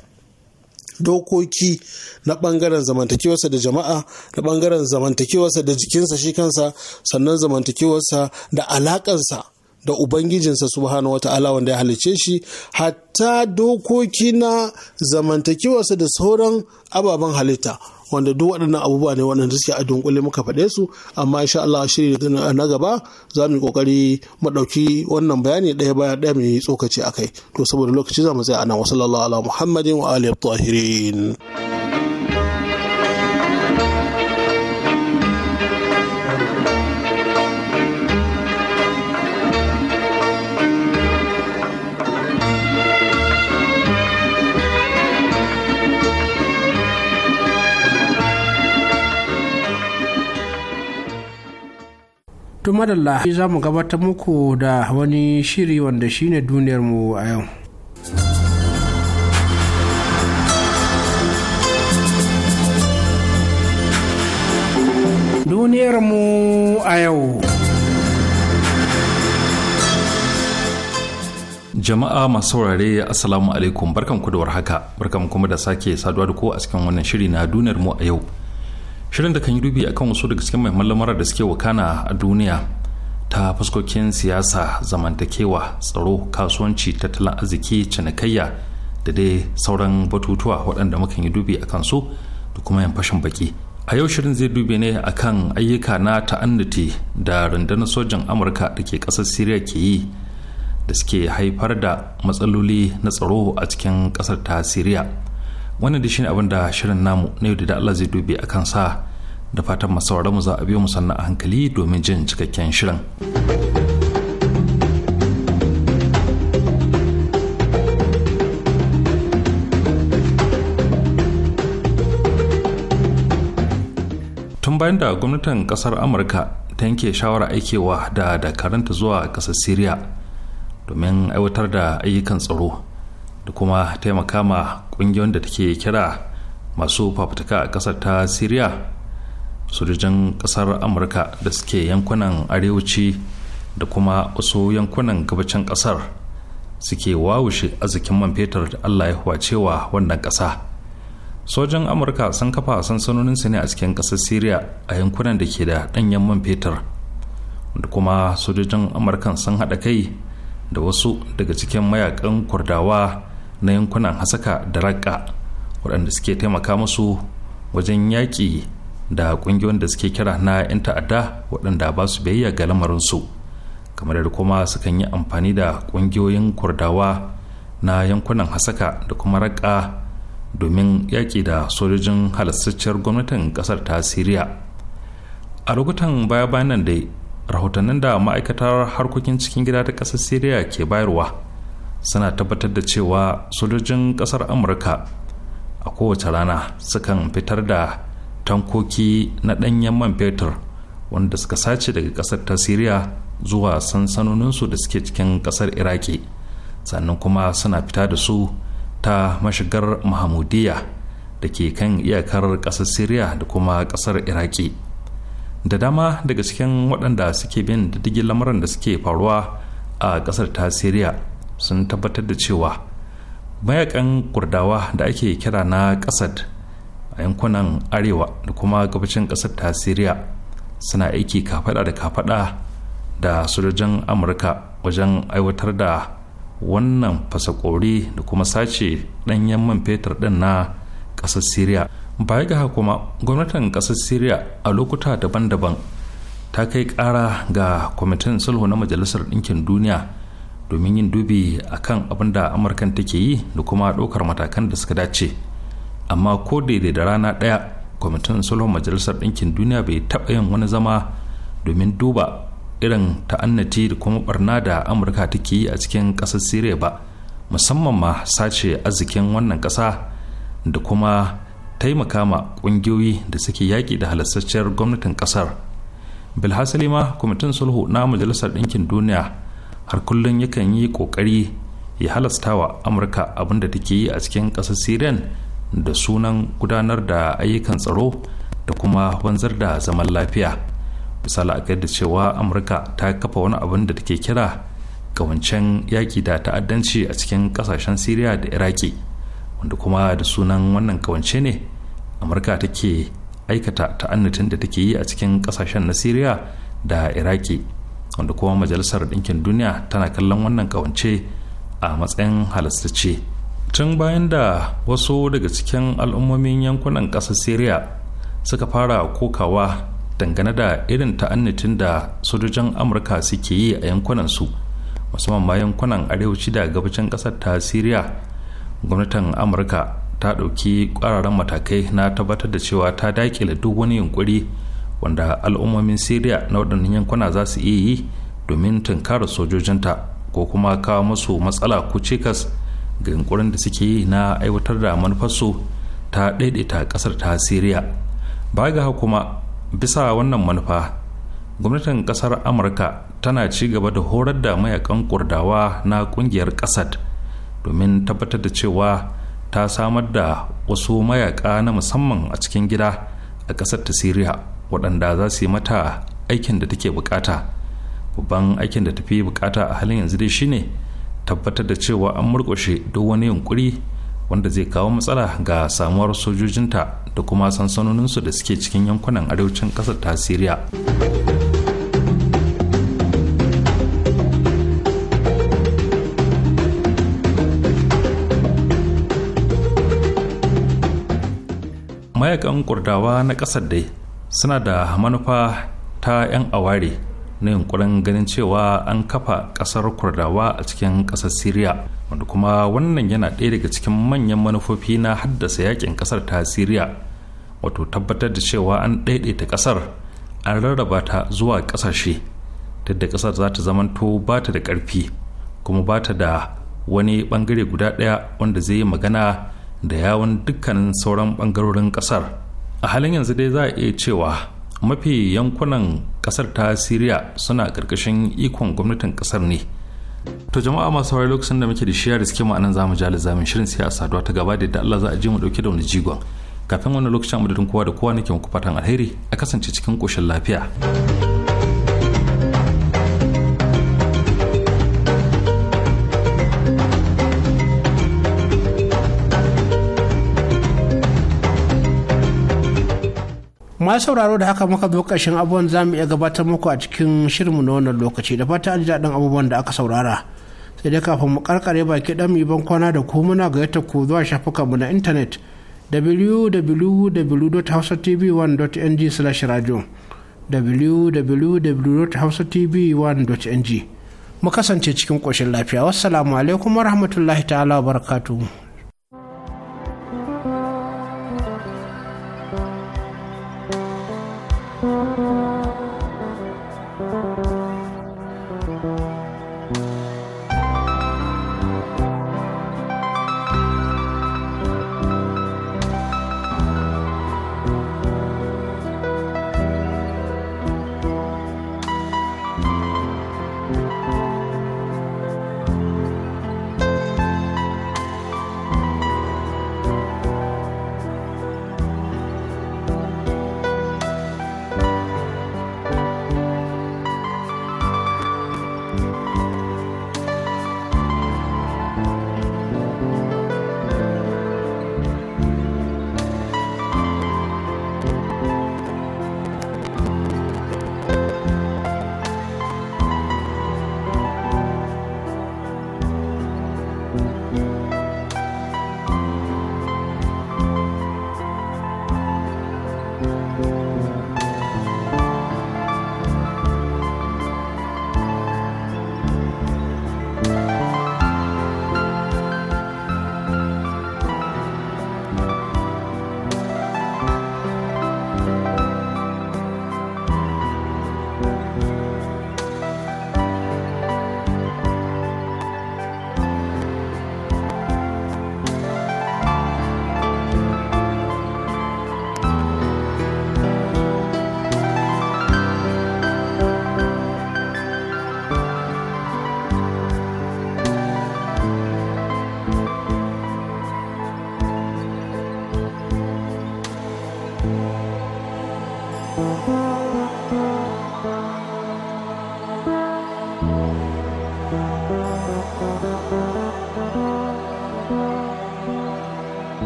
dokoki na bangaren zamantakewarsa da jama'a na bangaren zamantakewarsa da jikinsa shi kansa sannan zamantakewarsa da alakansa da ubangijinsa subhanahu wata'ala wanda ya halicce shi hatta dokoki na zamantakewarsa da sauran ababen halitta wanda duk waɗannan abubuwa ne waɗanda suke a dunkule muka faɗe su amma insha Allah shiri na gaba za mu yi kokari mu ɗauki wannan bayani ɗaya bayan ɗaya mai tsokaci tsokaci kai to saboda lokaci za mu tsaya a nan wa sallallahu ala muhammadin wa alihi tahirin tun madalla za mu gabatar muku da wani shiri wanda shine duniyarmu a yau duniyarmu a yau jama'a masu saurare assalamu alaikum barkan ku da warhaka barkan kuma da sake saduwa da ku a cikin wannan shiri na duniyarmu a yau shirin da kan yi dubi akan wasu daga cikin muhimman lamarar da suke wakana a duniya ta fuskokin siyasa zamantakewa tsaro kasuwanci tattalin arziki cinikayya da dai sauran batutuwa waɗanda mukan yi dubi a kansu da kuma yin fashin baki a yau shirin zai dubi ne akan ayyuka na ta'annati da rundunar sojan amurka da ke ƙasar siriya ke yi da suke haifar da matsaloli na tsaro a cikin ƙasar ta siriya wannan da shine abin da shirin namu na yau da Allah zai dube a sa da fatan masauraran mu za a biyo mu sannan a hankali domin jin cikakken shirin tun bayan da gwamnatin kasar amurka ta yanke shawara aikewa da dakaranta zuwa kasar syria domin aiwatar da ayyukan tsaro da kuma taimaka ma ƙungiyoyin da take kira masu fafutuka a ƙasar ta syria sojojin ƙasar amurka da suke yankunan arewaci da kuma wasu yankunan gabacin ƙasar suke wawushe arzikin man fetur da allah ya cewa wannan ƙasa sojan amurka sun kafa sansanonin su ne a cikin ƙasar syria a yankunan da ke da ɗanyen man fetur da kuma sojojin amurkan sun haɗa kai da wasu daga cikin mayakan kurdawa na yankunan hasaka da raƙa waɗanda suke taimaka musu wajen yaƙi da ƙungiyoyin da suke kira na 'yan ta'adda waɗanda ba su biyayya ga lamarinsu kamar da kuma sukan yi amfani da ƙungiyoyin kurdawa na yankunan hasaka da kuma raƙa domin yaƙi da sojojin halastacciyar gwamnatin ƙasar ta siriya a lokutan baya bayan nan dai rahotannin da ma'aikatar harkokin cikin gida ta ƙasar siriya ke bayarwa suna tabbatar da cewa sojojin kasar amurka a kowace rana sukan fitar da tankoki na danyen man fetur wanda suka sace daga kasar ta siriya zuwa sansanoninsu da suke cikin kasar iraki sannan kuma suna fita da su ta mashigar mahamudiya da ke kan iyakar kasar siriya da kuma kasar iraki da dama daga cikin waɗanda suke bin diddigin lamarin da suke faruwa a kasar ta siriya sun tabbatar da cewa mayakan kurdawa da ake kira na kasad a yankunan arewa da kuma gabacin kasar ta siriya suna aiki kafada da kafada da sojojin amurka wajen aiwatar da wannan fasakori da kuma sace ɗanyen man fetur ɗin na ƙasar siriya baya ga kuma gwamnatin ƙasar siriya a lokuta daban-daban ta kai ƙara ga kwamitin sulhu na majalisar ɗinkin duniya domin yin dubi a kan abin da amurkan take yi da kuma ɗaukar matakan da suka dace amma ko daidai da rana ɗaya kwamitin sulhun majalisar ɗinkin duniya bai taɓa yin wani zama domin duba irin ta'annati da kuma barna da amurka take yi a cikin ƙasar siriya ba musamman ma sace arzikin wannan ƙasa da kuma taimaka ma ƙungiyoyi da suke yaƙi da halastacciyar gwamnatin ƙasar bilhassali ma kwamitin sulhu na majalisar ɗinkin duniya har kullum yakan yi kokari ya halasta wa amurka abin da take yi a cikin ƙasar syrian da sunan gudanar da ayyukan tsaro da kuma wanzar da zaman lafiya misali a da cewa amurka ta kafa wani abin da take kira kawancen yaƙi da ta'addanci a cikin ƙasashen syria da iraki wanda kuma da sunan wannan kawance ne amurka take aikata ta'annatin da take yi a cikin ƙasashen na syria da iraki wanda kuma majalisar ɗinkin duniya tana kallon wannan kawance a matsayin halastacce tun bayan da wasu daga cikin al'ummomin yankunan ƙasar syria suka fara kokawa dangane da irin ta'annitin da sojojin amurka suke yi a yankunan su musamman ma yankunan arewaci da gabacin ƙasar ta syria gwamnatin amurka ta ɗauki ƙwararren matakai na tabbatar da cewa ta daƙile duk wani yunkuri wanda al'ummomin syria na waɗannan yankuna za su iya yi domin tunkara sojojinta ko kuma kawo musu matsala ko cikas ga yunƙurin da suke yi na aiwatar da manufarsu ta daidaita ƙasar ta syria ba ga kuma bisa wannan manufa gwamnatin ƙasar amurka tana ci gaba da horar da mayakan kurdawa na ƙungiyar ƙasar domin tabbatar da cewa ta samar da wasu mayaka na musamman a cikin gida a ƙasar ta syria waɗanda za su yi mata aikin da take bukata babban aikin da tafi bukata a halin yanzu dai shine tabbatar da cewa an murƙushe duk wani yunkuri wanda zai kawo matsala ga samuwar sojojinta da kuma su da suke cikin yankunan arewacin ƙasar ta siriya mayakan kurdawa na ƙasar dai suna da manufa ta 'yan aware na yunkurin ganin cewa an kafa kasar kurdawa a cikin kasar syria wanda kuma wannan yana ɗaya daga cikin manyan manufofi na haddasa yakin kasar ta syria wato tabbatar da cewa an ɗaiɗaita kasar an rarraba ta zuwa ƙasashe ta da ƙasar za ta zamanto ba ta da ƙarfi kuma ba ta da wani ɓangare guda ɗaya wanda zai yi magana da yawon dukkanin sauran ɓangarorin ƙasar a halin yanzu dai za a iya cewa mafi yankunan kasar ta siriya suna ƙarƙashin ikon gwamnatin kasar ne to jama'a masu hawaye lokacin da muke da shiya da suke ma'anan zamu ji lizamin shirin siyasa da saduwa ta gaba da Allah za a je mu dauke da wani jigon kafin wani lokacin madadin kowa da kowa nake muku fatan alheri a kasance cikin koshin lafiya. ma sauraro da haka muka zo ƙarshen abubuwan za mu iya gabatar muku a cikin shirinmu na wannan lokaci da fata ji daɗin abubuwan da aka saurara sai dai kafin mu karkare baki ɗan mu ban kwana da ku muna ga yadda ku zuwa shafukanmu na intanet www.hausatv1.ng/radio www.hausatv1.ng mu kasance cikin ƙoshin lafiya wassalamu alaikum warahmatullahi ta'ala wa barakatuhu